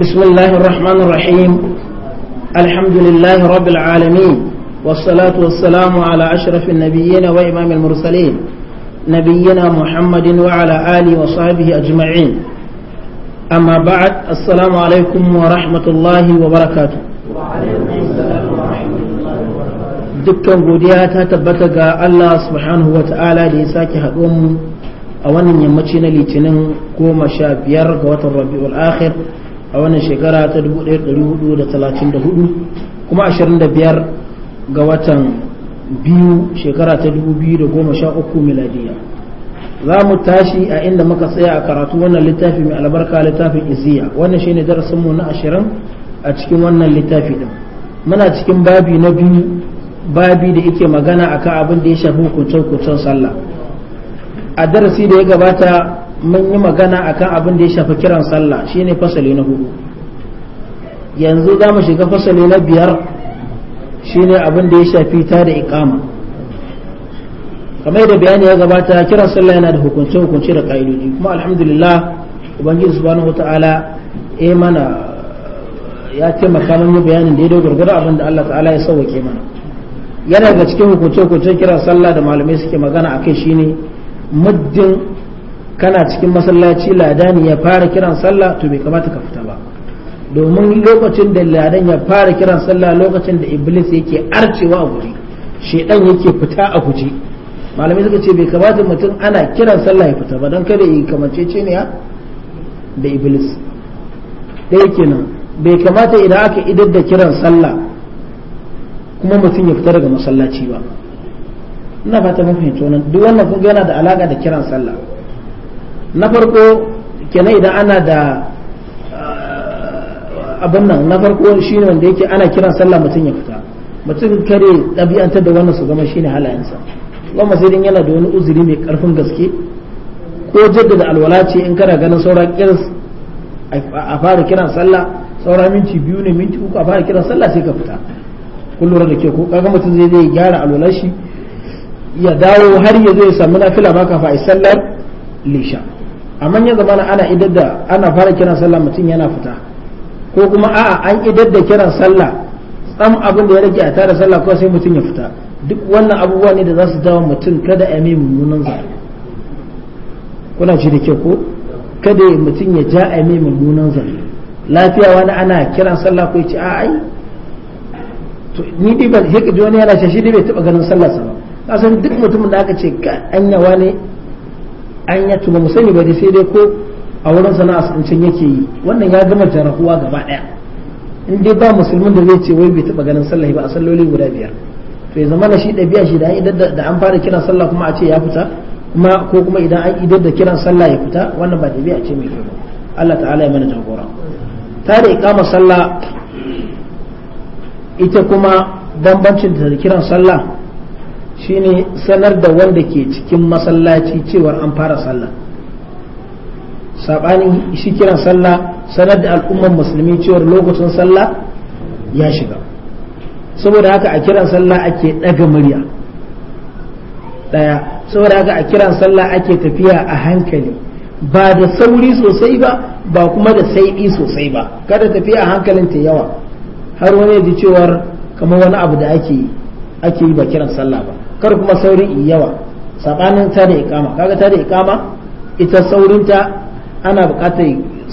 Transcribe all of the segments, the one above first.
بسم الله الرحمن الرحيم الحمد لله رب العالمين والصلاة والسلام على أشرف النبيين وإمام المرسلين نبينا محمد وعلى آله وصحبه أجمعين أما بعد السلام عليكم ورحمة الله وبركاته وعليكم السلام ورحمة الله وبركاته دكتور godiya ta tabbata ga Allah subhanahu wa ta'ala da ya sake haɗo mu a wannan yammaci na litinin goma sha biyar ga watan rabi'ul akhir a wannan shekara ta 1434 kuma 25 ga watan biyu shekara ta 2013 miladiya za mu tashi a inda muka tsaya a karatu wannan littafi mai albarka littafin iziya wannan shine darasinmu na ashirin a cikin wannan littafi din muna cikin babi na biyu babi da yake magana akan abin da ya shafi hukuncen sallah a darasi da ya gabata mun yi magana akan abin da ya shafi kiran sallah shine fasali na hudu yanzu za mu shiga fasali na biyar shine abin da ya shafi ta da ikama kamar da bayani ya gabata kiran sallah yana da hukunce hukunce da ka'idoji kuma alhamdulillah ubangiji subhanahu wataala eh mana ya taimaka mun yi bayanin da ya dogara abin da Allah ta'ala ya sauwake mana yana daga cikin hukunce hukunce kiran sallah da malamai suke magana akai shine muddin kana cikin masallaci ladani ya fara kiran sallah to bai kamata ka fita ba domin lokacin da ladan ya fara kiran sallah lokacin da iblis yake arcewa a guri shedan yake fita a guje malamai suka ce bai kamata mutum ana kiran sallah ya fita ba don kada yi ce ne da iblis da yake nan bai kamata idan aka idar da kiran sallah kuma mutum ya fita daga masallaci ba ina fata mun fahimci wannan duk wannan kun yana da alaka da kiran sallah na farko kenan idan ana da eh, abin nan na farko shine wanda yake ana kiran sallah mutum ya fita mutum kare ɗabi'antar da wannan su zama shine halayensa kuma sai din yana da wani uzuri mai karfin gaske ko jaddada alwala ce in kana ganin saura kirs a fara kiran sallah saura minti biyu ne minti uku a fara kiran sallah sai ka fita kun da ke ko kaga mutum zai zai gyara alwalar shi ya dawo har ya zo ya samu nafila ba kafa a sallar lisha amma ya zamana ana idar da ana fara kiran sallah mutum yana fita ko kuma a'a an idar da kiran sallah tsam abin da ya rage a tara sallah ko sai mutum ya fita duk wannan abubuwa ne da za su dawo mutum kada ya mai mummunan zato kuna ji da kyau ko kada mutum ya ja a mai mummunan zato lafiya wani ana kiran sallah ko ya ce a'a ai to ni dai ba sai wani yana shashi dai bai taba ganin sallah sa ba kasan duk mutumin da aka ce ka anyawa ne an ya tuba mu sani ba dai sai dai ko a wurin sana'a sun can yake yi wannan ya gama jarahuwa gaba daya in dai ba musulmin da zai ce wai bai taba ganin sallah ba a salloli guda biyar to ya zama na shi ɗabi'a shi da idan da an fara kiran sallah kuma a ce ya fita kuma ko kuma idan an idan da kiran sallah ya fita wannan ba ɗabi'a ce mai kyau Allah ta'ala ya mana jagora ta da sallah ita kuma bambancin da kiran sallah shine sanar da wanda ke cikin masallaci cewar an fara sallah sabanin shi kiran sallah sanar da al'ummar musulmi cewar lokacin sallah ya shiga saboda haka a kiran sallah ake ɗaga murya ɗaya saboda haka a kiran sallah ake tafiya a hankali ba da sauri sosai ba ba kuma da saiɗi sosai ba kada tafiya a hankalin ta yawa har wani ya ji cewar kamar wani abu da ake ake yi ba kiran sallah ba kar kuma sauri yawa sabanin ta da ikama kaga ta da ikama ita saurinta ana bukatar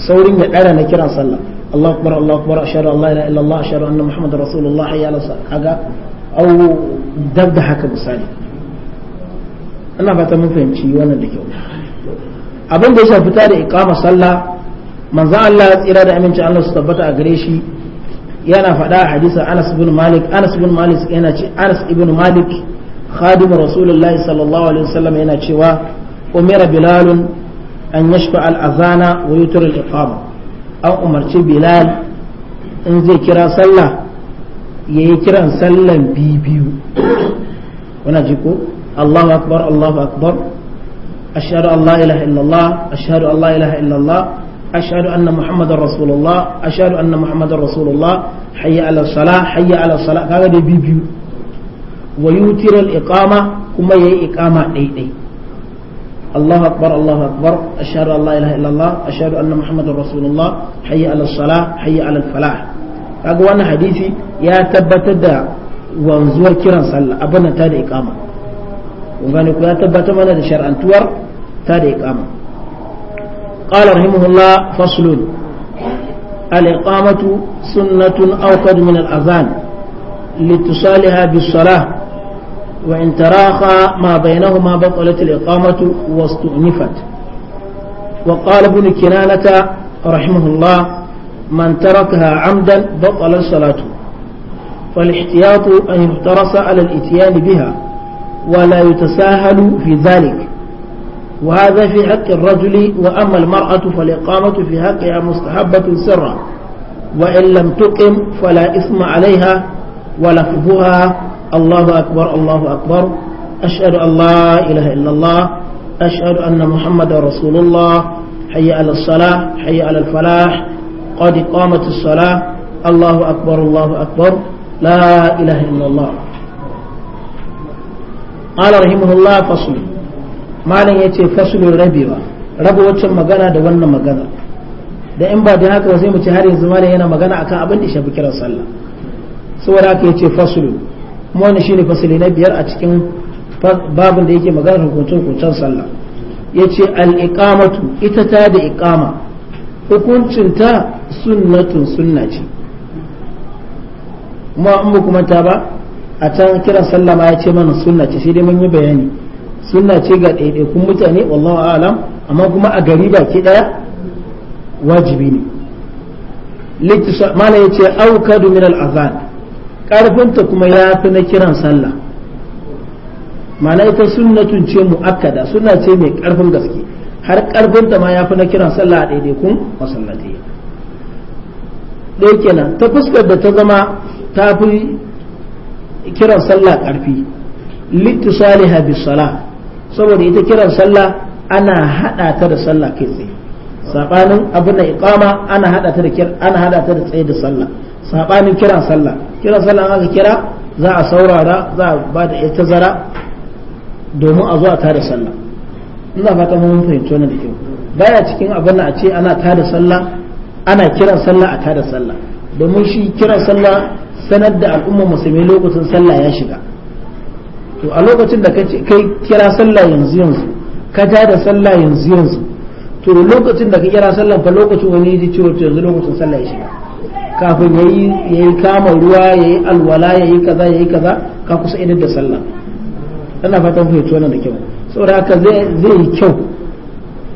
saurin ya dara na kiran sallah الله أكبر الله أكبر أشهد أن لا إله إلا الله أشهد أن محمد رسول الله حي على الصلاة أو دبد حكى misali ina fata mun fahimci wannan da kyau abin da ya ta da ikama sallah manzo Allah ya tsira da aminci Allah su tabbata a gare shi yana faɗa a hadisa Anas ibn Malik Anas ibn Malik yana ce Anas ibn Malik خادم رسول الله صلى الله عليه وسلم هنا شوى أمر بلال أن يشفع الأذان ويتر الإقامة أو أمرت بلال إن ذكر صلى يكرا صلى بيبيو ونجيكو الله أكبر الله أكبر أشهد أن لا إله إلا الله أشهد أن لا إله إلا الله أشهد أن محمد رسول الله أشهد أن محمد رسول الله حي على الصلاة حي على الصلاة هذا بيبيو wa yutiral al-iqama kuma yayi iqama daidai الله أكبر الله أكبر أشهد أن لا إله إلا الله أشهد أن محمد رسول الله حي على الصلاة حي على الفلاح wannan hadisi ya tabbatar da wanzuwar kiran sallah abin ta da iqama kun ya tabbatar mana da shar'antuwar ta da iqama qala rahimahullah faslun al iqamatu sunnatun awqad min azan litusaliha bis وإن تراخى ما بينهما بطلت الإقامة واستؤنفت وقال ابن كنانة رحمه الله من تركها عمدا بطل صلاته فالاحتياط أن يحترص على الإتيان بها ولا يتساهل في ذلك وهذا في حق الرجل وأما المرأة فالإقامة في حقها مستحبة سرا وإن لم تقم فلا إثم عليها ولفظها الله أكبر الله أكبر أشهد أن لا إله إلا الله أشهد أن محمد رسول الله حي على الصلاة حي على الفلاح قد قامت الصلاة الله أكبر الله أكبر لا إله إلا الله قال رحمه الله فصل ما لن يتي فصل ربيبا رب waccan magana da wannan magana da in ba da haka ba sai mu ci har yanzu malam yana magana akan abin da shafi kiran sallah saboda haka yace fasulu kuma wani shine fasali na biyar a cikin babin da yake maganar hukuncin hukuncin sallah yace al al’iƙamatu ita ta da iƙama hukuncin ta sunnatun sunna ce kuma an kuma ta ba a can kiran sallah ma ya yace mana sunna ce sai dai mun yi bayani sunna ce ga ɗaiɗaikun mutane wallahu a'lam amma kuma a gari baki ɗaya wajibi ne ya ce aukadu min al-azan ƙarfinta kuma ya fi na kiran sallah ma'ana ita sunnatun ce mu'akkada suna ce mai ƙarfin gaske har ƙarfinta ma ya fi na kiran sallah a kun masallatai ɗaya kenan ta fuskar da ta zama ta fi kiran sallah ƙarfi littisaliha bis sala saboda ita kiran sallah ana haɗa ta da sallah kai tsaye sabanin abin da iqama ana hada ta da ana hada ta da tsaye da sallah sabanin kiran sallah kira sallan aka kira za a saurara za a ba da ita zara domin a zo a tada sallah ina fata mun fahimci wannan da kyau baya cikin abin a ce ana tada sallah ana kiran sallah a tada sallah domin shi kiran sallah sanar da al'umma musulmi lokacin sallah ya shiga to a lokacin da kai kira sallah yanzu yanzu ka tada sallah yanzu yanzu to lokacin da ka kira sallah fa lokacin wani ya ji cewa yanzu lokacin sallah ya shiga kafin ya yi kama ruwa ya yi alwala ya yi kaza ya yi kaza ka kusa idar da sallah ana fatan fahimci wannan da kyau saboda haka zai yi kyau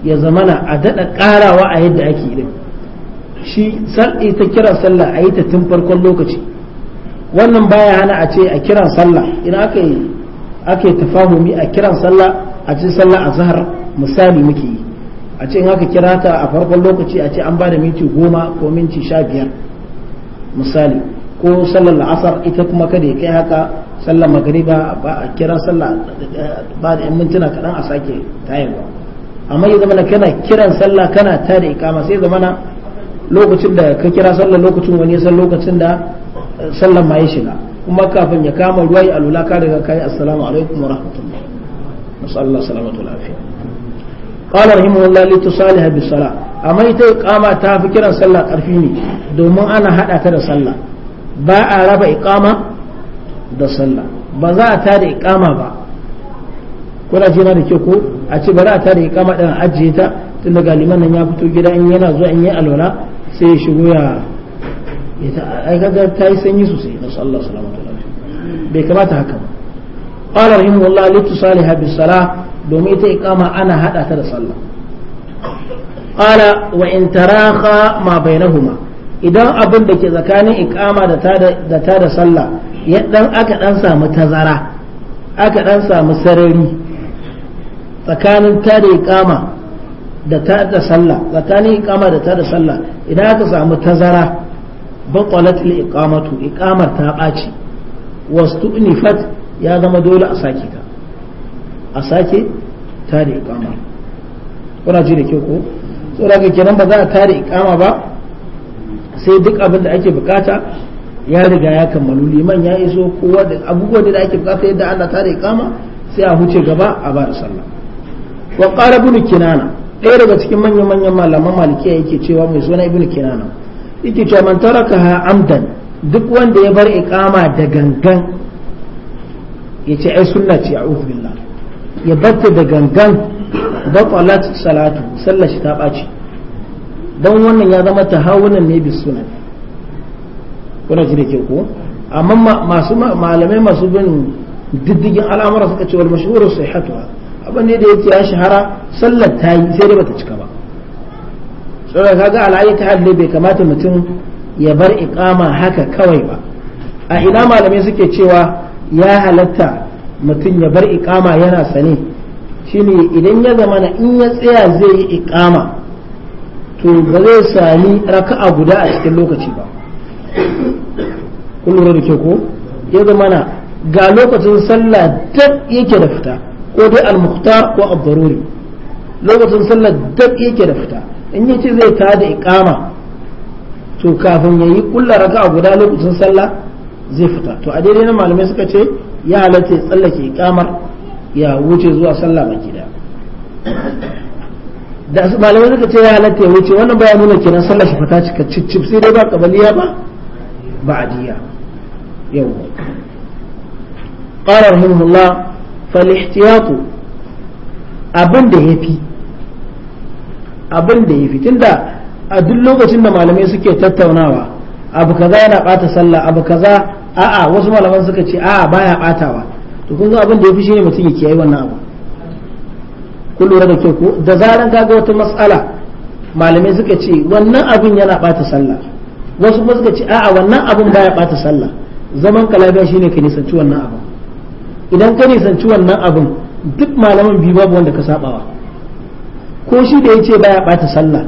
ya zamana a daɗa ƙarawa a yadda ake din shi sal'i ta kira sallah a yi ta tun farkon lokaci wannan baya hana a ce a kiran sallah idan aka yi tafahumi a kiran sallah a ci sallah a zahar misali muke yi a ce in aka kira ta a farkon lokaci a ce an ba da minti goma ko minti sha biyar misali ko sallar la'asar ita kuma kada ya kai haka sallar magariba a kira sallar ba da 'yan mintuna kaɗan a sake tayarwa amma ya zama kana kiran sallah kana ta da ikama sai zamana lokacin da ka kira sallar lokacin wani san lokacin da eh, sallar ma ya shiga kuma kafin ya kama ruwa ya alula ka daga kai assalamu alaikum wa rahmatullah nasallallahu salamatu lafiya qala rahimahullah li tusalih bis salah amma ita iqama ta fi kiran sallah karfi ne domin ana haɗa ta da sallah ba a raba iqama da sallah ba za a tada iqama ba kuna jina da ke ko a ce bari a tada iqama din ajiye ta tun daga liman nan ya fito gida in yana zuwa in yi alwala sai ya shigo ya ai ta yi sanyi sosai na sallah salamatu bai kamata haka ba qala rahimahullah litusaliha bis salah domin ita iƙama ana haɗa ta da sallah qala wa'inta in ma bainahuma idan abin da ke tsakanin iqama da ta da sallah ya aka dan samu tazara aka dan samu sarari tsakanin ta da ta da sallah tsakanin iƙama da ta da sallah idan aka samu tazara baqalat al iqamatu ta baci wastu'nifat ya zama dole a sake ka a sake tare ikama kuna ji da kyau ko da ga kenan ba za a tare ikama ba sai duk abin da ake bukata ya riga ya kammalu liman ya iso kowa da abubuwan da ake bukata yadda Allah tare ikama sai a huce gaba a ba da sallah wa qara ibn kinana ɗaya daga cikin manyan manyan malaman malikiya yake cewa mai suna ibn kinana yake cewa man ha amdan duk wanda ya bar ikama da gangan ya ce ai sunna ce a billah ya batta da gangan batalat salatu sallar shi ta ɓaci don wannan ya zama ta hawunan ne bi sunan kuna ji da ko amma masu malamai masu bin diddigin al'amura suka ce wal mashhuru sahihatuha abin ne da yake ya shahara sallar ta yi sai dai bata cika ba saboda kaga al'ayi ta halle bai kamata mutum ya bar iqama haka kawai ba a ina malamai suke cewa ya halatta mutum ya bar iƙama yana sane shine idan ya zama na in ya tsaya zai yi iƙama to ba zai sami raka'a guda a cikin lokaci ba kun da ke ko ya zama na ga lokacin sallah dab yake da fita ko dai al ko al lokacin sallah dab yake da fita in ya ce zai tada ikama to kafin ya yi kullu raka'a guda lokacin sallah zai fita to a daidai na malamai suka ce ya halatta ya tsallake kamar ya wuce zuwa sallah baki da da malamai suka ce ya halatta ya wuce wannan baya nuna kenan sallah shi fita cika cicip sai dai ba kabaliya ba ba adiya yau qala rahimahullah fal ihtiyatu abin da yafi abin da yafi tunda a duk lokacin da malamai suke tattaunawa abu kaza yana bata sallah abu kaza a'a wasu malaman suka ce a'a baya batawa to kun ga abin da yafi shine mutum ya kiyaye wannan abu kun lura da kyau ko da zaran kaga wata matsala malamai suka ce wannan abin yana bata sallah wasu kuma suka ce a'a wannan abin baya bata sallah zaman ka lafiya shine ka nisanci wannan abu. idan ka nisanci wannan abin duk malaman biyu babu wanda ka sabawa ko shi da yace baya bata sallah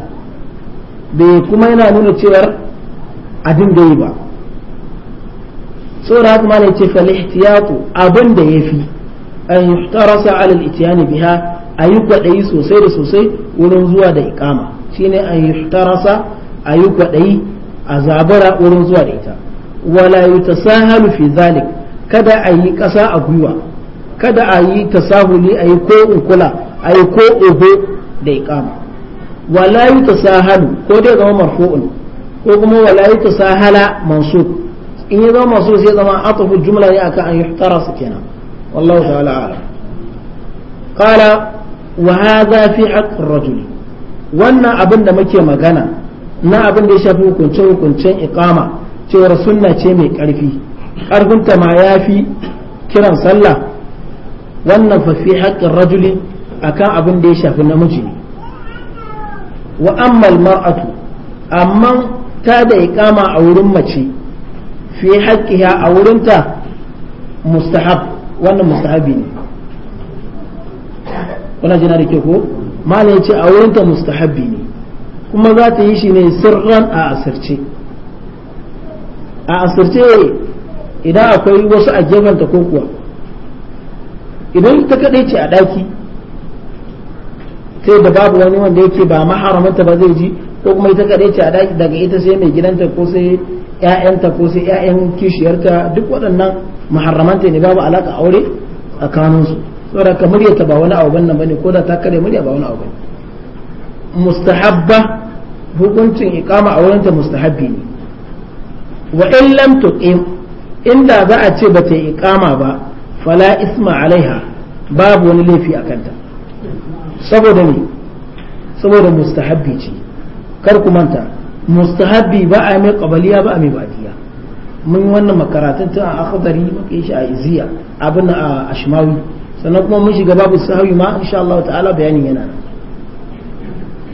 bai kuma yana nuna cewar abin da yi ba saboda haka malai ce fa lihtiyatu abin da yafi an yuhtarasa ala al-itiyani biha ayi kwadayi sosai da sosai wurin zuwa da iqama shine an yuhtarasa ayi kwadayi a wurin zuwa da ita wala yutasahalu fi zalik kada ayi yi ƙasa a gwiwa kada ayi yi tasahuli a yi ko ukula a ko oho da iqama wala yutasahalu ko dai zama marfu'un ko kuma wala yutasahala mansub in ya zama masu sai zama tafi jumla ne aka an yuhtara su kenan wallahu ta'ala ala qala wa hadha fi haqq ar-rajul wannan abin da muke magana na abin da ya shafi hukunce hukuncen iqama cewar sunna ce mai karfi karfinta ma yafi kiran sallah wannan fa fi haqq ar-rajul akan abin da ya shafi namiji ne wa amma al-mar'atu amma ta da iqama a wurin mace fi haƙƙiha a wurinta mustahab wannan mustahabi ne kuna jina da ke ko malam ya ce a wurinta mustahabi ne kuma za ta yi shi ne sirran a asirce a asirce idan akwai wasu a gefenta ko kuwa idan ta kaɗai ce a ɗaki sai da babu wani wanda yake ba maharamanta ba zai ji ko kuma ita kaɗai ce a ɗaki daga ita sai mai gidanta ko sai ƴaƴanta ko sai ƴaƴan kishiyarta duk waɗannan maharramanta ne babu alaka aure tsakanin su saboda ka muryarta ba wani abu nan bane ko da ta kare murya ba wani abu bane mustahabba hukuncin iqama a wurinta mustahabbi ne wa in lam tuqim inda za a ce ba ta yi iqama ba fala isma alaiha babu wani laifi a kanta saboda ne saboda mustahabbi ce kar ku manta mustahabbi ba a mai kabaliya ba a mai badiya mun wannan makaratun tun a akhdari muke shi a iziya abin a ashmawi sannan kuma mun shiga babu sahawi ma insha Allah ta'ala bayanin yana nan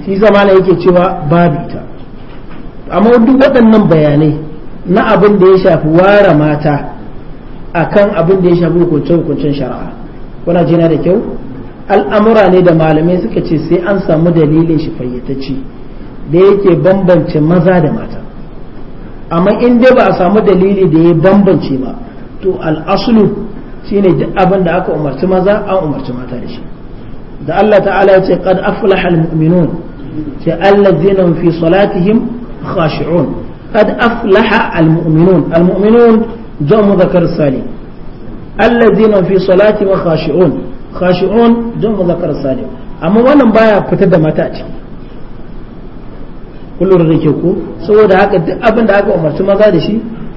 shi zamana yake cewa babu ita amma duk waɗannan bayanai na abin da ya shafi ware mata akan abin da ya shafi hukunce-hukuncen shari'a kuna jina da kyau al'amura ne da malamai suka ce sai an samu dalilin shi fayyatacce da yake bambance maza da mata amma in dai ba a samu dalili da ya bambance ba to al'asulu shine duk abin da aka umarci maza an umarci mata da shi da Allah ta'ala ya ce qad aflaha almu'minun ce allazina fi salatihim khashi'un qad aflaha almu'minun almu'minun jamu dhakar salim allazina fi salatihim khashi'un khashi'un jamu dhakar salim amma wannan baya fitar da mata a ciki kullum da ke ko saboda haka duk abin da aka umarci maza da shi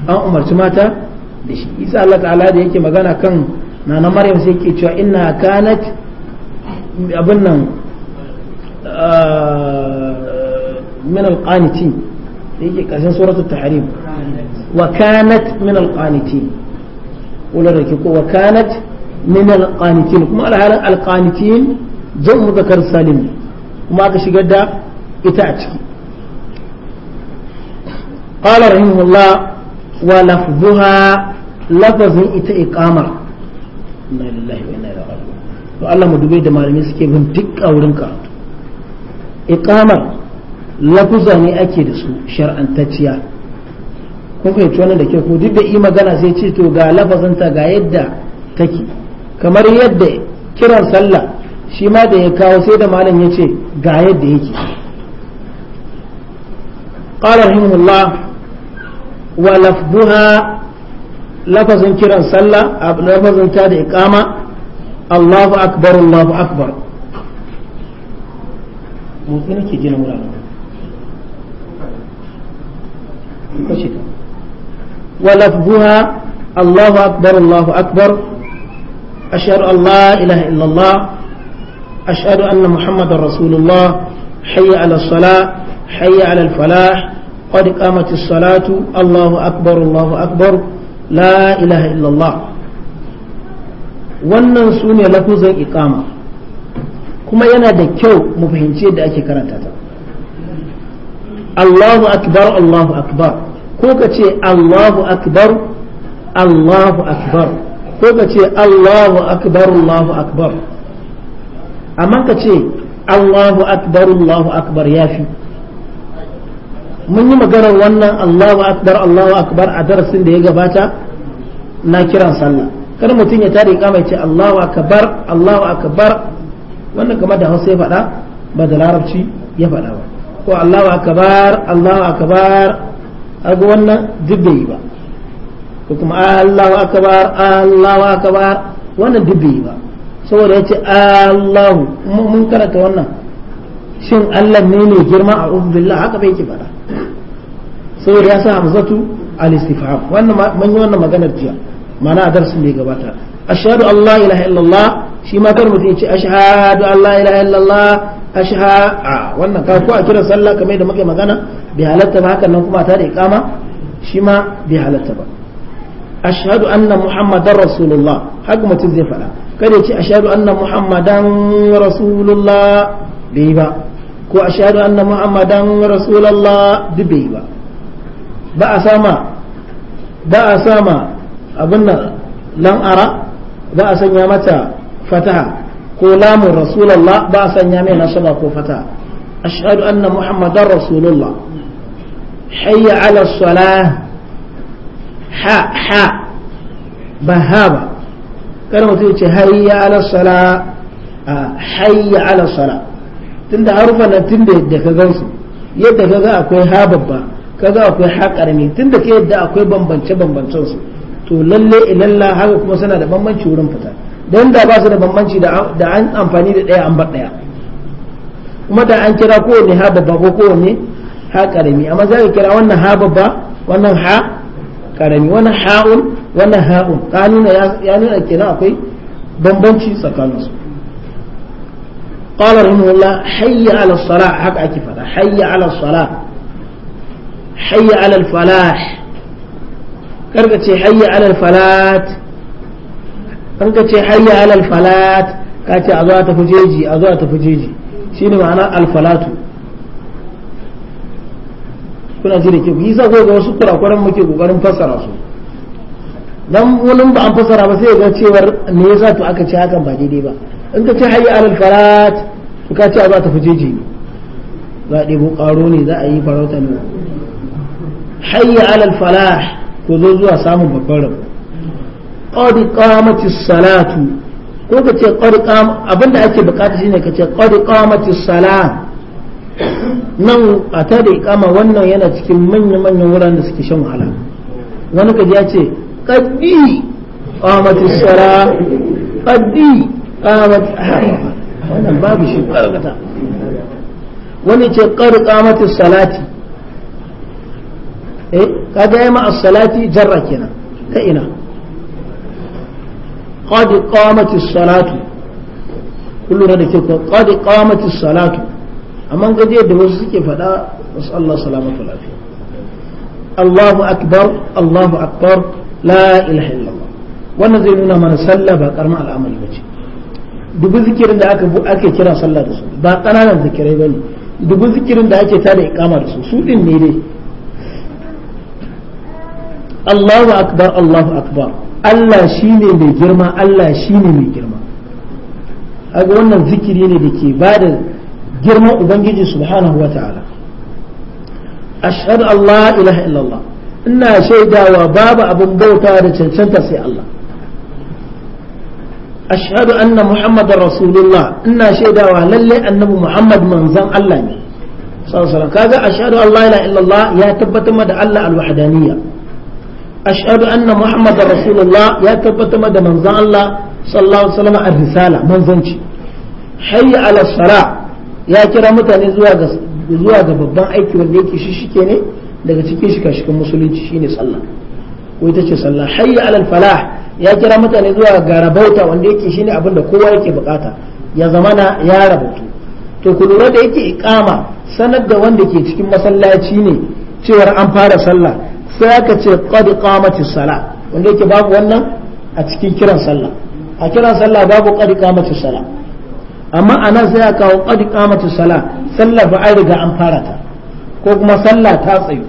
an umarci mata da shi isa Allah ta'ala da yake magana kan nana maryam sai yake cewa inna kanat abin nan ah, min alqaniti yake karshen suratul tahrim wa kanat min alqaniti kullum da ke ko wa kanat min alqanitin kuma alhalin alqanitin jan mudakar salim kuma aka shigar da ita a ciki qala rahimahullah wa lafzuha lafazin ita iqamar inna lillahi wa inna ilaihi raji'un to Allah dubai da malamai suke bin wurin karatu iqamar lafuza ne ake da su shar'antacciya kun fahimci wannan da ke ko duk da yi magana sai ce to ga lafazanta ga yadda take kamar yadda kiran sallah shi ma da ya kawo sai da malam ya ce ga yadda yake qala rahimahullah wa lafduha lafazin kiran sallah a lafazin ta da iqama Allahu akbar Allahu akbar motsi nake jin akbar Allahu akbar ashhadu an la ilaha illallah ashhadu anna muhammadar rasulullah hayya ala falah قد قامت الصلاة الله أكبر الله أكبر لا إله إلا الله wannan su ne lafuzan ikama kuma yana da kyau mu fahimci yadda ake karanta ta Allahu akbar Allahu akbar ko ka ce Allahu akbar Allahu akbar ko ka ce Allahu akbar Allahu akbar amma ka ce Allahu akbar Allahu akbar yafi mun yi maganar wannan Allahu akbar Allahu akbar a darasin da ya gabata na kiran sallah kar mutum ya tare mai ce Allahu akbar Allahu akbar wannan kamar da Hausa ya faɗa ba da Larabci ya faɗa ba ko Allahu akbar Allahu akbar aga wannan duk bai yi ba ko kuma Allahu akbar Allahu akbar wannan duk bai yi ba saboda ya ce Allahu mun karanta wannan shin Allah ne ne girma a billah haka bai ki faɗa saboda ya sa hamzatu al-istifham wannan mun yi wannan maganar jiya mana a darasin da ya gabata ashhadu an la ilaha illallah shi ma kar mutum ya ce ashhadu an la ilaha illallah ashha a wannan ka ko a kira sallah kamar da muke magana bi halatta ba hakan nan kuma ta da iqama shi ma bai halatta ba ashhadu anna muhammadar rasulullah haka mutum zai faɗa kada ya ce ashhadu anna muhammadan rasulullah bai ba ko ashhadu anna muhammadan rasulullah duk bai ba ba a sama ba a sama abin nan lan'ara ba a sanya mata fataha ko lamun rasulallah ba a sanya mai nasaba ko fataha ashhadu anna muhammadan rasulullah hayya ala salah ha ha ba ha ba kar mutum ce hayya ala salah hayya ala salah tunda harufan nan tunda da ka gansu yadda ka ga akwai ha babba kaga akwai haƙarami tun da ke yadda akwai bambance bambancen su to lalle ilalla haka kuma suna da bambanci wurin fita da da ba su da bambanci da an amfani da ɗaya an bar ɗaya kuma da an kira kowanne ha babba ko kowanne ha karami amma za ka kira wannan ha babba wannan ha karami wannan ha'un wannan ha'un ka nuna ya nuna kenan akwai bambanci tsakaninsu قال رحمه hayya ala على haka ake fada hayya ala الصلاة hayya alal falah karka ce hayya alal falat karka ce hayya alal falat ka ce a zo a tafi jeji a zo a tafi jeji shine ma'ana alfalatu kuna ji da kyau yi sa ga wasu kurakuran muke kokarin fassara su dan wani ba an fassara ba sai ga cewar me yasa to aka ce hakan ba daidai ba in ka ce hayya alal falat to ka ce a za ta fuje ne za a ɗebo ƙaro ne za a yi farauta ne hayya alal falah ko zo zuwa samun babban rabo qad qamatis salatu ko ka ce qad qam abinda ake bukata shine ka ce qad qamatis salah nan a ta da ikama wannan yana cikin manyan manyan wuraren da suke shan wahala wani kaji ya ce qaddi qamatis salah qaddi qamat wannan babu shi wani ce qad qamatis salati eh kaga yayi ma as-salati jarra kenan ta ina qad qamat as-salatu kullu da ke ko qad qamat as-salatu amma ga da wasu suke faɗa wasu Allah salamatu lafiya Allahu akbar Allahu akbar la ilaha illallah wannan zai nuna mana sallah ba karma al'amari bace dubu zikirin da aka ake kira sallah da su ba ƙananan zikirai bane dubu zikirin da ake tada iqama da su su din ne dai Allahu akbar Allahu akbar Allah shine mai girma Allah shine mai girma kaga wannan zikiri ne da ke bada girman ubangiji subhanahu wataala ashhadu an la ilaha illallah ina shaidawa babu abin bauta da cancanta sai Allah ashhadu anna muhammadar rasulullah ina shaidawa lalle annabi muhammad manzon Allah ne sallallahu alaihi wasallam kaga ashhadu an la ilaha illallah ya tabbatar da Allah alwahdaniyya ashhadu anna muhammadar rasulullah ya tabbatar da manzon Allah sallallahu alaihi wasallam risala manzanci hayya ala sala ya kira mutane zuwa ga babban aiki wanda yake shi shike ne daga cikin shi kashikan musulunci shine sallah ko ita ce sallah hayya ala falah ya kira mutane zuwa ga rabauta wanda yake shine abin da kowa yake bukata ya zamana ya rabatu to ku lura da yake ikama sanar da wanda ke cikin masallaci ne cewar an fara sallah sai aka ce qad qamati sala wanda yake babu wannan a cikin kiran sallah a kiran sallah babu qad qamati sala amma anan sai aka kawo qad qamati sala sallah ba ai riga an fara ta ko kuma sallah ta tsayu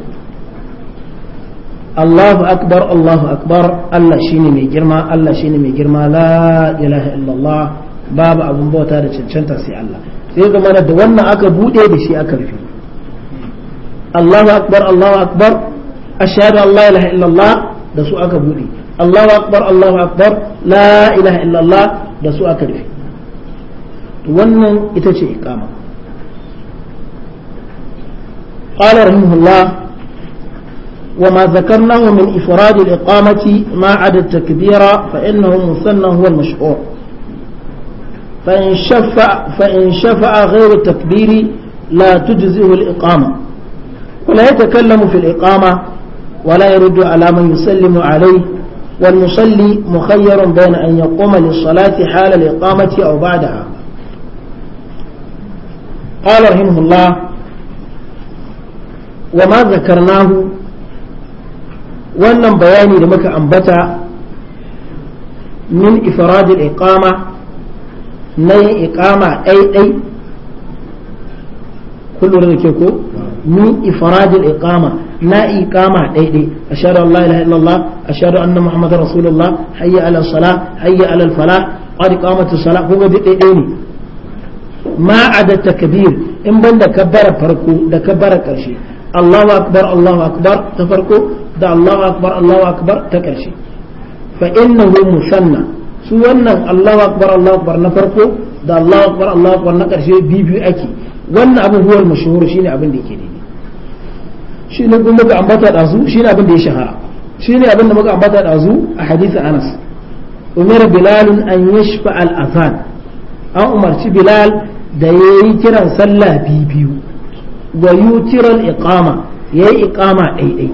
Allahu akbar Allahu akbar Allah shine mai girma Allah shine mai girma la ilaha illallah babu abun bauta da cancanta sai Allah sai zama da wannan aka bude da shi aka rufe Allahu akbar Allahu akbar ashhadu an la ilaha illallah da su aka bude Allahu akbar Allahu akbar la ilaha illallah da su aka rufe wannan ita ce iqama qala rahimahullah وما ذكرناه من إفراد الإقامة ما عدا التكبير فإنه مثنى هو المشهور فإن شفع, فإن شفع غير التكبير لا تجزئه الإقامة ولا يتكلم في الإقامة ولا يرد على من يسلم عليه والمصلي مخير بين أن يقوم للصلاة حال الإقامة أو بعدها قال رحمه الله وما ذكرناه wannan bayani da muka ambata min ifradil iqama na yin iqama ɗaiɗai kullum da ke ko min ifradil iqama na iqama daidai ashhadu an la ilaha illallah ashhadu anna muhammadar rasulullah hayya ala salah hayya ala al falah qad qamat as-salah kuma daidai ne ma ada takbir in ban banda kabbara farko da kabbara karshe allahu akbar allahu akbar ta farko da allahu akbar allahu akbar ta karshe fa innahu musanna su wannan allahu akbar allahu akbar na farko da allahu akbar allahu akbar na karshe bibiyu ake wannan abin huwal mashhur shine abin da yake daidai shi ne kuma muka ambata ɗazu shi ne abin da ya shahara shi ne abin da muka ambata ɗazu a hadisi anas umar bilal an yashfa al azan an umarci bilal da ya yi kiran sallah biyu wa yutiral iqama ya yi iqama ɗaiɗai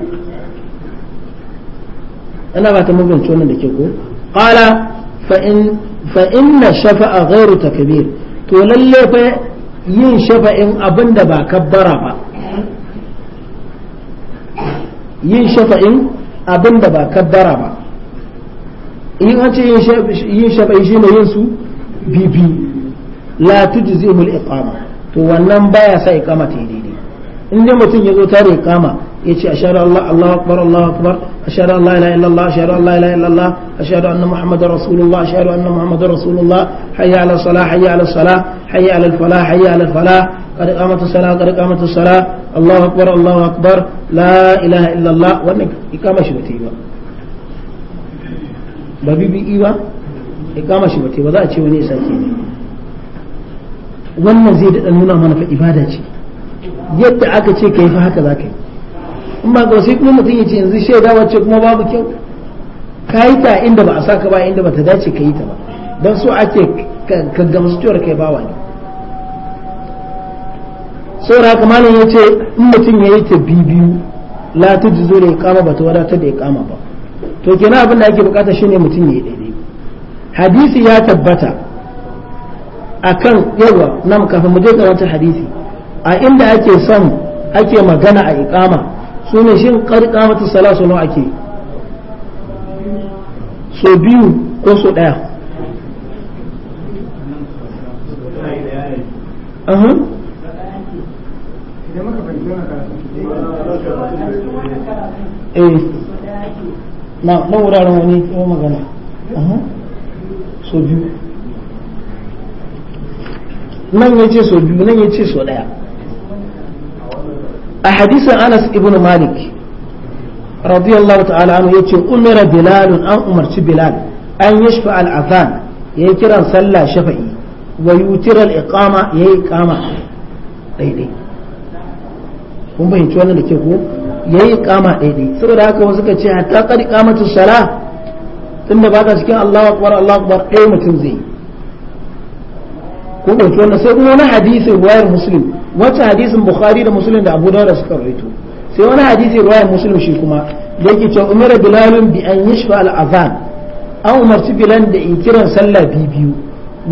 ana ba ta mabanci wannan da ke ko qala fa in fa inna shafa'a ghairu takbir to lalle fa yin shafa'in abinda ba kabbara ba yin shafa'in abin da ba kaddara ba in an ce yin shafa'in shi ne yin su bibi la tujzihul iqama to wannan baya sa iqama ta daidai in dai mutum ya zo tare iqama ya ce ashhadu Allah Allahu akbar Allahu akbar ashhadu an la ilaha illallah ashhadu an la ilaha illallah ashhadu anna muhammadar rasulullah ashhadu anna muhammadar rasulullah hayya ala salah hayya ala salah hayya ala falah hayya ala falah قد قامت الصلاة قد قامت الصلاة الله أكبر الله أكبر لا إله إلا الله وأنك إقامة شبتي ba ba. bibi iwa ya kama shi bate ba za a ce wani isa ke ne wannan zai daɗa nuna mana fa ibada ce yadda aka ce ka yi fa haka za ka yi in ba ga sai kuma mutum ya ce yanzu shaida wacce kuma babu kyau ka yi ta inda ba a sa ka ba inda ba ta dace ka yi ta ba don so ake ka gamsu cewar kai bawa ne saboda haka malam ya ce in mutum ya yi ta biyu la ta jizo da ya kama ba ta wadatar da ya kama ba to kenan abin da ake bukata shine mutum ya yi daidai hadisi ya tabbata akan yawa nan kafin mu je ga wata hadisi a inda ake son ake magana a ikama su ne shin sala salasu nawa ake so biyu ko so daya eh na na wuraren wani kuma magana so biyu nan ya ce so biyu nan ya ce so daya a hadisin anas ibn malik radiyallahu ta'ala anhu ce umira bilal an umarci bilal an yashfa al ya yayi kiran sallah shafa'i wa yutira al ya yi iqama daidai kun fahimci wannan da ke ko yi kama daidai saboda haka wasu ka ce hatta qad qamatu salah tunda ba ka cikin Allahu akbar Allahu akbar ɗaya mutum zai yi kun fahimci wannan sai kuma wani hadisi riwayar muslim wata hadisin bukhari da muslim da abu dawud suka rawaito sai wani hadisi riwayar muslim shi kuma da yake cewa umara bilalun bi an yashfa al azan an umarci bilan da in kiran sallah biyu biyu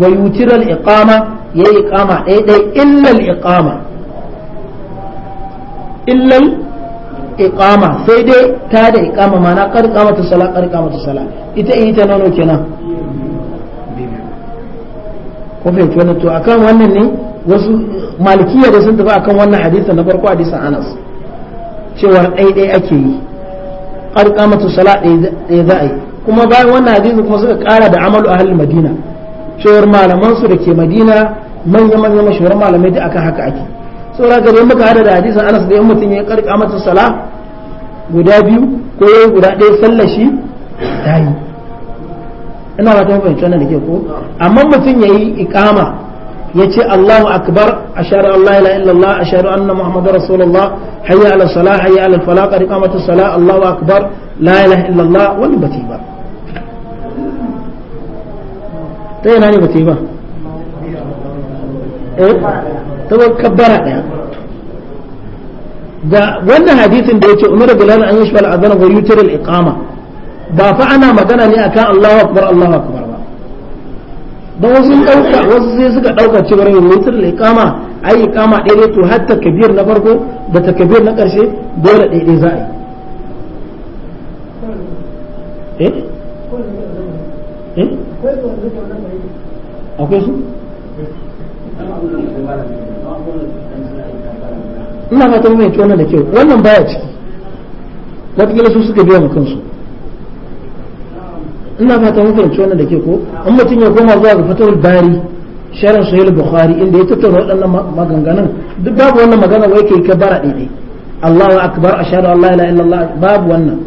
wa yutiral iqama yayi iqama ɗaya ɗaya illa al iqama illal iqama sai dai ta da iqama mana kar kamata sala kar kamata sala ita ita nono kenan ko bai tona to akan wannan ne wasu malikiya da sun tafi akan wannan hadisi na farko hadisin Anas cewa ɗaiɗai ake yi kar kamata sala ɗaya za a yi kuma bayan wannan hadisi kuma suka ƙara da amalu ahli madina cewa malaman su da ke madina manya manya mashahuran malamai da akan haka ake saboda haka ne muka hada da hadisin Anas da yan mutum ya karka mata sala guda biyu ko yayi guda ɗaya sallar shi ta yi ina ba ta fahimci wannan da ke ko amma mutum yayi iqama yace Allahu akbar ashhadu an la ilaha illallah ashhadu anna muhammadar rasulullah hayya ala salah hayya ala falah qad iqamatus salah Allahu akbar la ilaha illallah wani ba ba ta yana ne ba ba eh? ta kabbara ɗaya da wannan hadisin da yake umar bilal an yashfa al'adana wa yutir al-iqama ba fa ana magana ne akan Allahu akbar Allahu akbar ba da wasu dauka wasu sai suka dauka cewa yutir al-iqama ai iqama dai to har takbir na farko da takbir na karshe dole dai za a yi eh eh akwai su ina fata mai kyau wannan da kyau wannan baya ciki wataƙila su suka biya mu kansu ina fata mai fahimci wannan da kyau ko an mutum ya koma zuwa ga fatawul bari sharan sahih bukhari inda ya tattauna waɗannan maganganun duk babu wannan magana wai kai bara daidai Allahu akbar ashhadu an la ilaha illallah babu wannan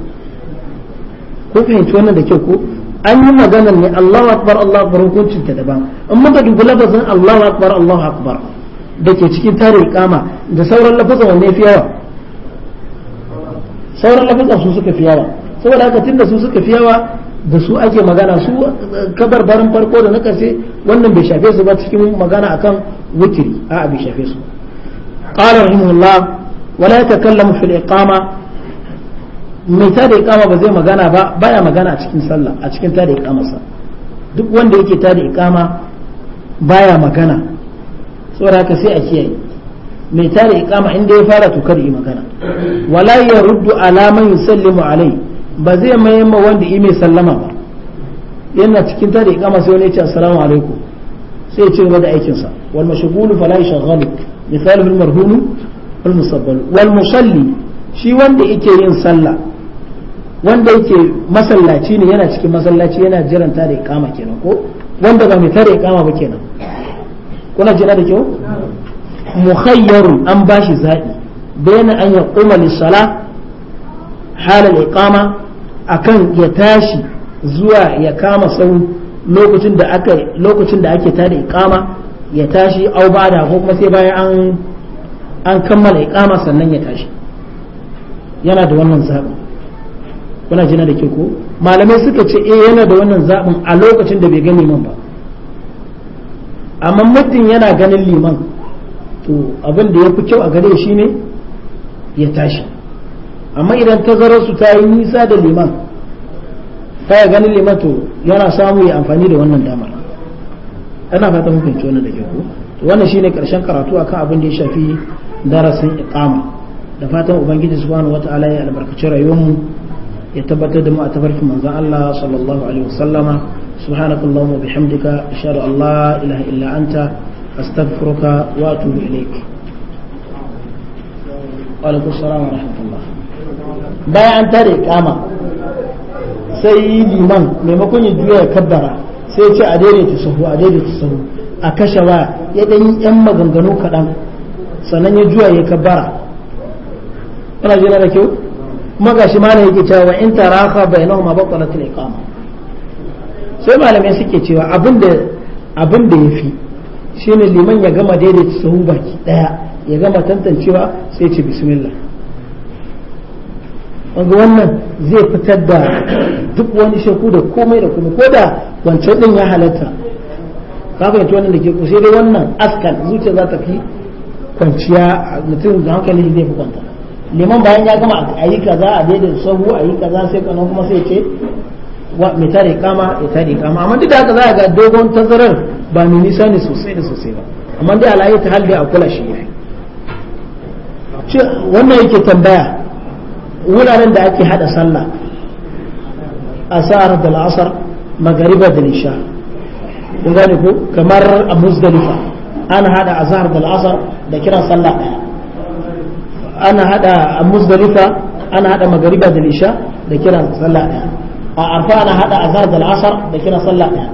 ko fahimci wannan da kyau ko an yi maganar ne Allahu akbar Allahu akbar hukuncin ta daban in muka dubi lafazin Allahu akbar Allahu akbar da ke cikin tarin kama da sauran lafazan wanne fi yawa sauran lafazan su suka fi yawa saboda haka tunda su suka fi yawa da su ake magana su uh, kabar barin farko da na karshe wannan bai shafe su ba cikin magana akan witiri a bai shafe su qala rahimahullah wala yatakallamu fil iqama mai tada iqama ba zai magana ba baya magana a cikin sallah a cikin tada iqamarsa duk wanda yake tada iqama baya magana saboda haka sai a kiyaye mai tare ikama inda ya fara to kar yi magana wala ya ruddu alaman yusallimu alai ba zai mai ma wanda yi mai sallama ba yana cikin tare ikama sai wani ya ce assalamu alaikum sai ya ci gaba da aikin sa wal mashghulu fala yashghaluk misali al marhumu al musabbal wal musalli shi wanda yake yin sallah wanda yake masallaci ne yana cikin masallaci yana jiran tare ikama kenan ko wanda ba mai tare ikama ba kenan kuna jira da kyau mukhayyarun an bashi zaɓi bayan an ya kuma lissala ikama a kan ya tashi zuwa ya kama sau lokacin da aka lokacin da ake tada ikama ya tashi au ba ko kuma sai bayan an an kammala ikama sannan ya tashi yana da wannan zaɓin kuna jina da ke ko malamai suka ce eh yana da wannan zaɓin a lokacin da bai gani man ba amma muddin yana ganin liman to abin da ya fi kyau a gare shi ne ya tashi amma idan tazararsu ta yi nisa da liman ta ya ganin liman to yana samu ya amfani da wannan damar ana fata hukunci wannan da ke ko to wannan shine karshen karatu akan abin da ya shafi darasin iqama da fatan ubangiji subhanahu wataala ya albarkaci rayuwarmu ya tabbatar da mu a tabarkin manzon Allah sallallahu alaihi wasallama سبحانك اللهم وبحمدك أشهد أن لا إله إلا أنت أستغفرك وأتوب إليك وعليكم السلام ورحمة الله bayan an tare kama sai yi liman maimakon ya juya ya kabbara sai ya ce a daidaita sahu a daidaita a kashe wa ya yan maganganu kaɗan sannan ya juya ya kabbara kana jina da kyau kuma gashi ma yake cewa in taraka bainahuma baqalatul iqama sai malamai suke cewa abin da ya fi shi ne liman ya gama daidaita sahu baki daya ya gama tantancewa sai ce bismillah wanda wannan zai fitar da duk wani shakku da komai da komai ko da wancan din ya halatta ka fahimci wannan da ke ku sai dai wannan askan zuciya za ta fi kwanciya mutum da hankali zai fi kwanta liman bayan ya gama a yi kaza a daidaita sahu a yi kaza sai kanan kuma sai ce mai tare kama ya tare kama amma duk da haka za a ga dogon tazarar ba mai nisa ne sosai da sosai ba amma dai alayi ta halde a kula shi yayi wannan yake tambaya wuraren da ake hada sallah asar da la'asar magariba da nisha kun gane ko kamar a muzdalifa ana hada azhar da la'asar da kiran sallah daya ana hada a muzdalifa ana hada magariba da nisha da kiran sallah daya a arfa na hada azhar da al'asar da kira sallah daya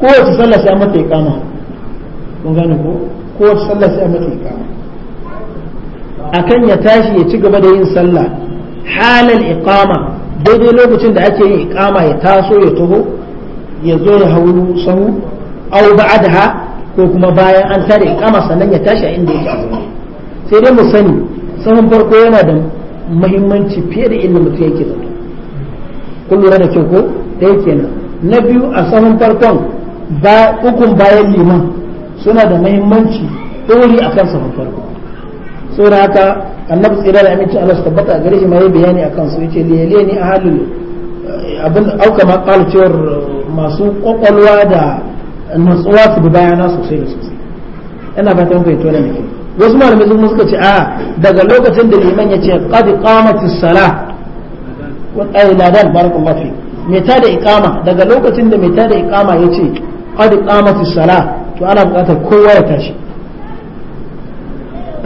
kowace sallah sai mata ikama kun gane ko kowace sallah sai mata ikama akan ya tashi ya ci gaba da yin sallah halal ikama daidai lokacin da ake yin iqama ya taso ya taho ya zo ya hau sahu aw ba'daha ko kuma bayan an tare iqama sannan ya tashi a inda yake sai dai mu sani sahun farko yana da muhimmanci fiye da inda mutum yake zato kun lura da ke ko ɗaya kenan na biyu a saman farkon ba hukun bayan liman suna da mahimmanci ɗori a kan saman farko saboda haka annabi tsira da aminci Allah su tabbata a gare shi mai bayani akan su yace liyaliya ni ahalul eh, abin auka ma qala cewar masu kokolwa da nutsuwa su bi bayana sosai da sosai ina fata mun fahimta wannan ne wasu malamai sun suka ce a daga lokacin da liman ya ce qad qamatis salah ai ladan barakallahu fi mai tada iqama daga lokacin da mai tada iqama yace qad qamati sala to ana buƙatar kowa ya tashi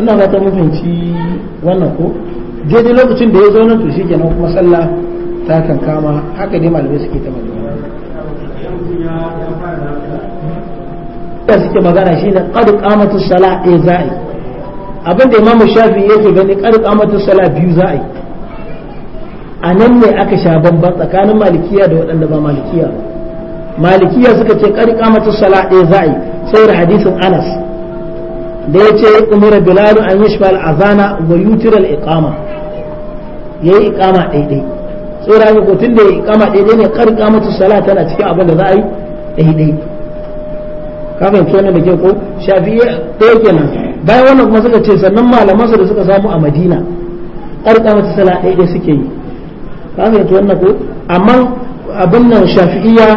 ina fata mun fahimci wannan ko daidai lokacin da ya zo nan to shi shikenan kuma sallah ta kan kama haka dai malamai suke ta magana da suke magana shi shine qad qamati sala e za'i abinda imamu shafi yake gani qad qamati sala biyu za'i a nan ne aka sha bamban tsakanin malikiya da waɗanda ba malikiya malikiya suka ce kar kamata sala ɗaya za a yi sai da hadisin anas da ya ce umar bilal an yi a azana wa yutira al-iqama yayi iqama daidai sai da ko tunda yayi iqama daidai ne kar kamata sala tana cikin abin da za a yi daidai ka fahimci wannan da ke ko shafi'i ɗaya nan. bayan wannan kuma suka ce sannan malamansu su da suka samu a madina kar kamata sala daidai suke yi ka fahimci wannan ko amma abin nan shafi'iya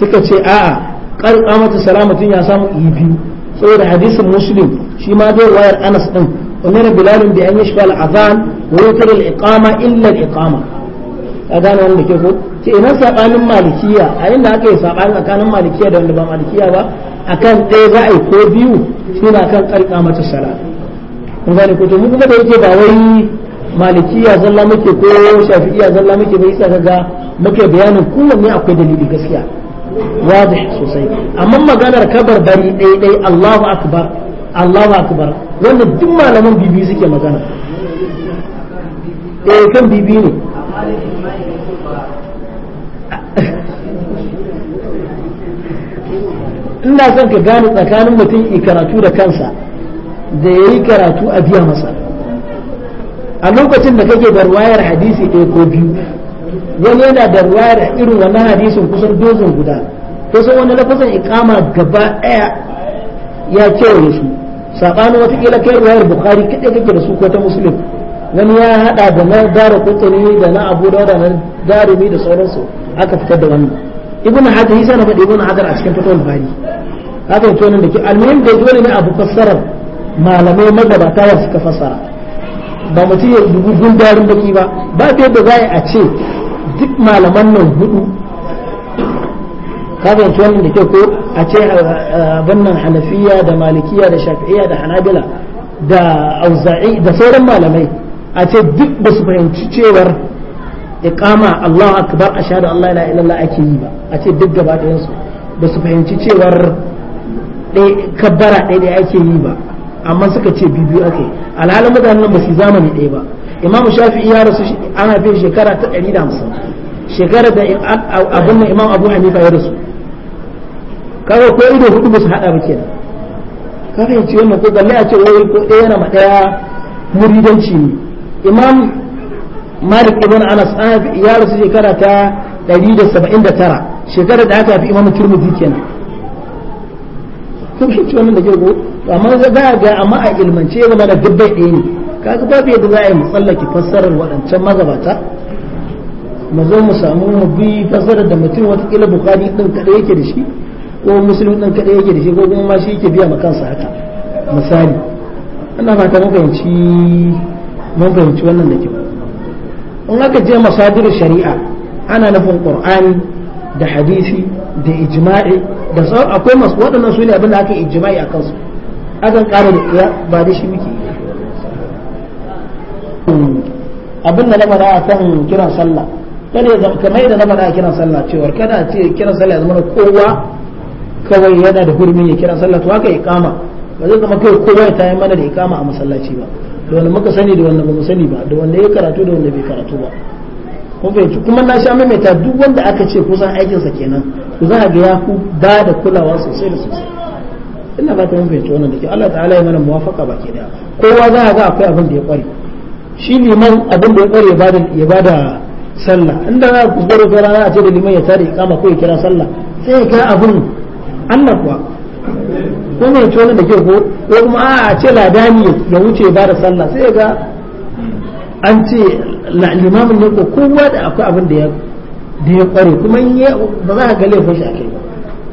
suka ce a'a karkamata salamatin ya samu ibi saboda hadisin muslim shi ma zai wayar anas din umar bilalun bi an yashfa al-adhan wa yutar al-iqama illa al a gane wannan ke ko ce ina sabanin malikiya a inda aka yi sabanin tsakanin malikiya da wanda ba malikiya ba akan ɗaya za a yi ko biyu shi na kan karkamata salat kun gane ko to mu kuma da yake ba wai malikiya zalla muke ko shafi'iya zalla muke bai isa kaga muke bayanin kowanne akwai dalili gaskiya واضح sosai amma maganar kabar bari dai dai Allahu akbar Allahu akbar wanda duk malaman bibi suke magana eh kan bibi ne ina son ka gane tsakanin mutum i karatu da kansa da yayi karatu a biya masa a lokacin da kake da ruwayar hadisi ɗaya ko biyu wani yana da ruwayar irin wannan hadisin kusan dozin guda sai wani lafazin ikama gaba ɗaya ya kewaye su saɓanin kila kai ruwayar bukari kaɗai kake da su ko ta musulun wani ya haɗa da na dara kuturi da na abu da na darumi da sauransu aka fitar da wannan ibn hajar yasa na faɗi ibn hajar a cikin fatawar bari haka yake wannan da ke almuhim da dole ne abu fassarar malamai magabata wasu ka fassara ba mutum ya dubu gundarin baki ba ba yadda za a ce duk malaman nan hudu ka fahimci wannan da ke ko a ce abin hanafiya da malikiya da shafi'iya da hanabila da auza'i da sauran malamai a ce duk ba su fahimci cewar iqama Allahu akbar ashhadu an la ilaha illallah ake yi ba a ce duk gaba ɗayan su ba su fahimci cewar kabbara ɗaya ake yi ba amma suka ce biyu ake alhalin mutanen ba su zamani ɗaya ba imam shafi ya rasu an haife shekara ta ɗari da hamsin shekara da abin da imam abu hanifa ya rasu kaga ko ido hudu ba su haɗa ba kenan ya fahimci wannan ko balle a ce wai ko ɗaya na maɗaya muridanci ne imam malik ibn anas an ya rasu shekara ta ɗari da saba'in da tara shekara da aka haifi imam turmudi kenan ka fahimci wannan da ke amma za ga amma a ilmance ya zama da dubbai ɗaya ne kaga babu yadda za a yi tsallake fassarar waɗancan magabata mu zo mu samu mu bi fassarar da mutum watakila bukari ɗin kaɗai yake da shi ko musulmi ɗin kaɗai yake da shi ko kuma ma shi yake biya ma kansa haka misali ana fata mun fahimci mun fahimci wannan da kyau in aka je masadir shari'a ana nufin qur'ani da hadisi da ijma'i da sauran akwai masu waɗannan su ne abin da aka ijma'i a kansu akan ƙara da kuya ba da shi muke abin da na a kan kiran sallah kada ya zama kamar yadda na a kiran sallah cewar kada a ce kiran sallah ya zama kowa kawai yana da hurmi ya kiran sallah to haka ya kama ba zai zama kai kowa ya tayi mana da ikama a masallaci ba da wanda muka sani da wanda ba mu sani ba da wanda ya karatu da wanda bai karatu ba fahimci kuma na sha maimaita duk wanda aka ce kusan aikinsa kenan ku za a ga ya ku ba da kulawa sosai da sosai ina ba ta mun fahimci wannan dake Allah ta'ala ya mana muwafaka baki daya kowa za a ga akwai abin da ya kware shi liman abin da ya kware ya ba da sallah inda za ku goro ko rana a ce da liman ya tare kama ko ya kira sallah sai ya kira abin Allah kuwa ko mai ci wannan da ke ko ko kuma a ce ladani ya wuce ba da sallah sai ya ga an ce limamin ne ko kowa da akwai abin da ya kware kuma ba za ka ga laifin shi a kai ba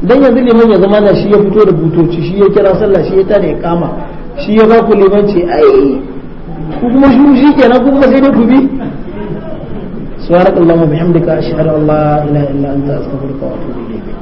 dan yanzu liman ya zama na shi ya fito da butoci shi ya kira sallah shi ya tada ya kama shi ya ba ku limanci ai ku kuma shi shi kenan ku kuma sai dai ku bi subhanakallahumma bihamdika ashhadu an la ilaha illa anta astaghfiruka wa atubu ilayk